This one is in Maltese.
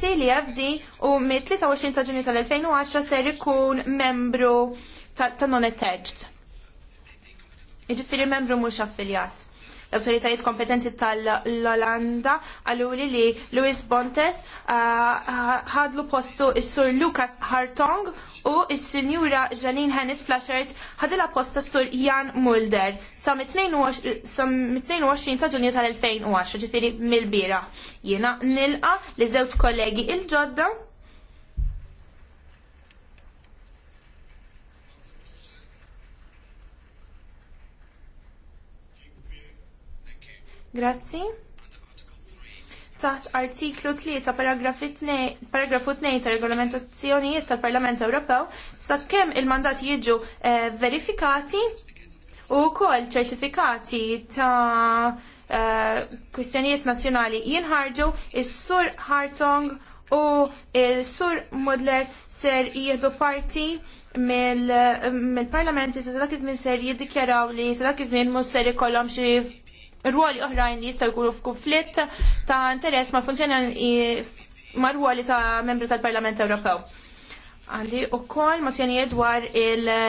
CLFD u mit-23 ta' ġunju tal-2010 ser ikun membru ta' non-attached. Iġifiri membru mhux affiljat l-autoritajiet kompetenti tal-Olanda għallu li Luis Bontes uh, ħadlu postu s-sur Lucas Hartong u s-sinjura Janine Hennis Flashert ħadila posta s-sur Jan Mulder sa' 22 ta' ġunju tal-2010 ġifiri mil-bira. Jena nilqa li żewġ kollegi il-ġodda Grazzi. Taħt artiklu 3 paragrafu 2 ta' regolamentazzjonijiet tal-Parlament Ewropew kemm il-mandat jiġu eh, verifikati u wkoll ċertifikati ta' eh, kwistjonijiet nazzjonali jinħarġu is-sur Hartong u il-sur Modler ser jieħdu parti mill-parlamenti mil se dak iż-żmien ser jiddikjaraw li se dak iż-żmien ser ikollhom xi ruoli oħrajn li jistaw jkunu f'kunflitt ta' interess ma' funzjoni ma' ruoli ta' membri tal-Parlament Ewropew. Għandi u koll mozzjonijiet dwar il-